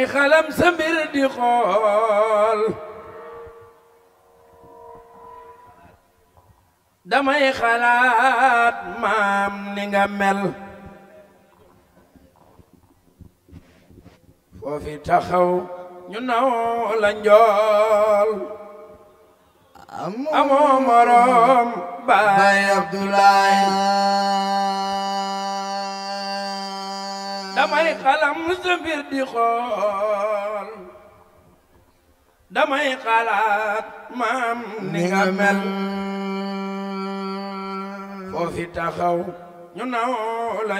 ay xalam ni nga mel foofi taxaw ñu naw la njool amoo morom baay damay xalam maam ni nga mel foofi taxaw ñu naw la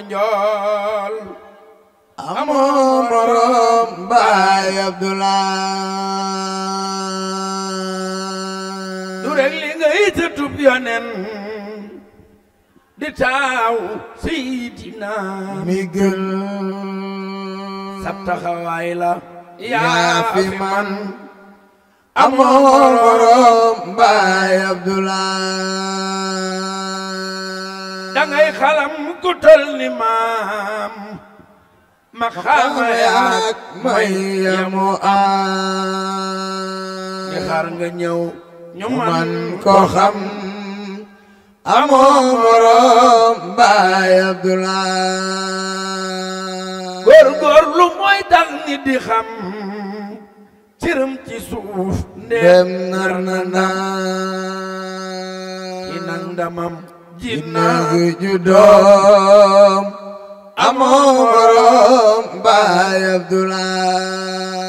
amoo morom baay Abdoulaye du rek li ngay sa tub yonen di taaw Seydina mi gën sab taxawaay la yaa fi man amoo morom baay Abdoulaye dangay xalam ku tol ni maam ma xaama yaak may yamu am xaar nga ñëw ñu man ko xam amoo morom Baay Abdoulaye. góorgóorlu mooy tax nit di xam. cërëm ci suuf. ndéem nar na naam. ci nag ndamam. ji naa ju doom. amoo morom Baay Abdoulaye.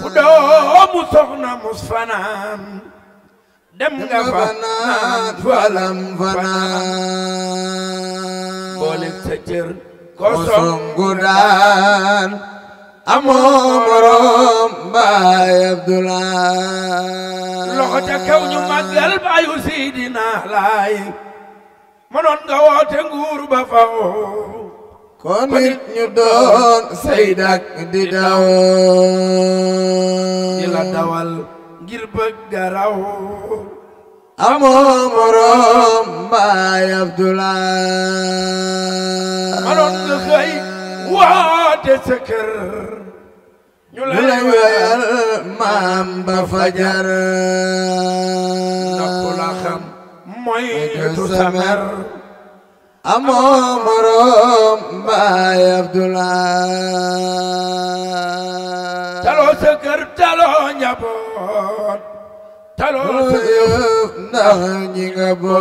ku doomu soxna mus fanaan. dem nga fa naan fana bole ta sa cër ko songu daan amoo morom bay abdullah loxo ca kaw ñu magal bay Sidina lay monon nga wote nguru ba fa kon nit ñu doon saydak di daw Ila dawal ngir bëgg amoo morom Baay Abdoulaye. manoon nga xëy waate sa kër. ñu lay wéyal maam ba fajar. ndax ku la xam mooy tu sa mer. amoo morom Baay Abdoulaye. taloo sa kër taloo njaboot. taloo sa ndax ñi nga boot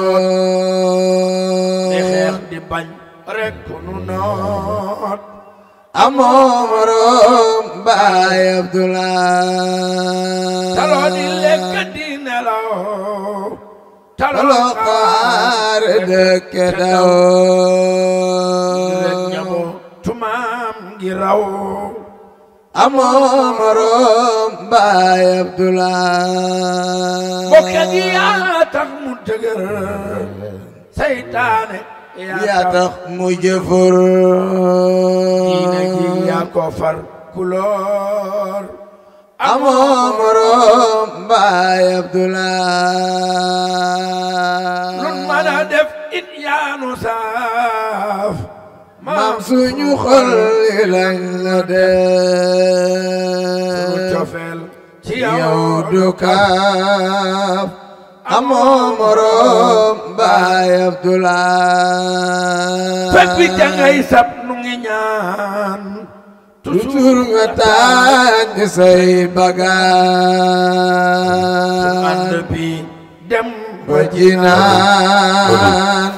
amoo moroom Baay Abdoulaye. mbokk yi yaa tax mu dëgër. seytaane. yaa tax mu jëfur. diine gi yaa ko far kulóor. amoo moroom Baay Abdoulaye. lu mën a def it yaa nu saa. suñu xol yi lañ la dee ci yow du kaaf amoo moroom baay Abdoulaye fekk bi jangay sab nu ngi ñaan toujours nga tànn say bagaas ànd bi dem ba jinaan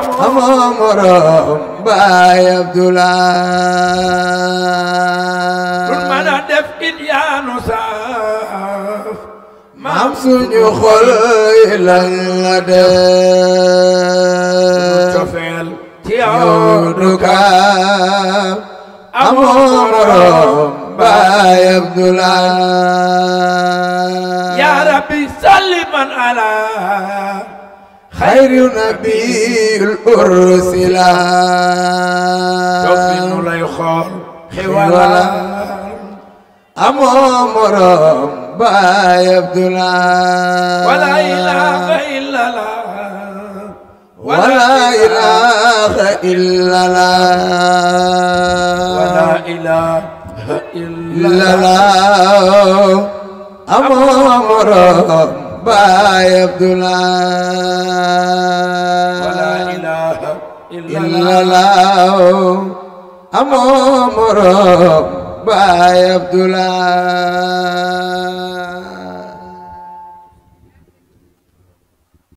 amoom baay Abdoulaye dun mën a def it yaanu saaf maam suñu xol yi lan la def ci yow du kaam amoom baay Abdoulaye ya rabbi salli man ala خير نبي الأرسل يؤمن لا يخال خولا أمام ربا يبدلا ولا إله إلا لا ولا إله إلا لا ولا إله إلا لا أم ربا baay Abdoulaye wala ilaha illallah amoo moroom baay Abdoulaye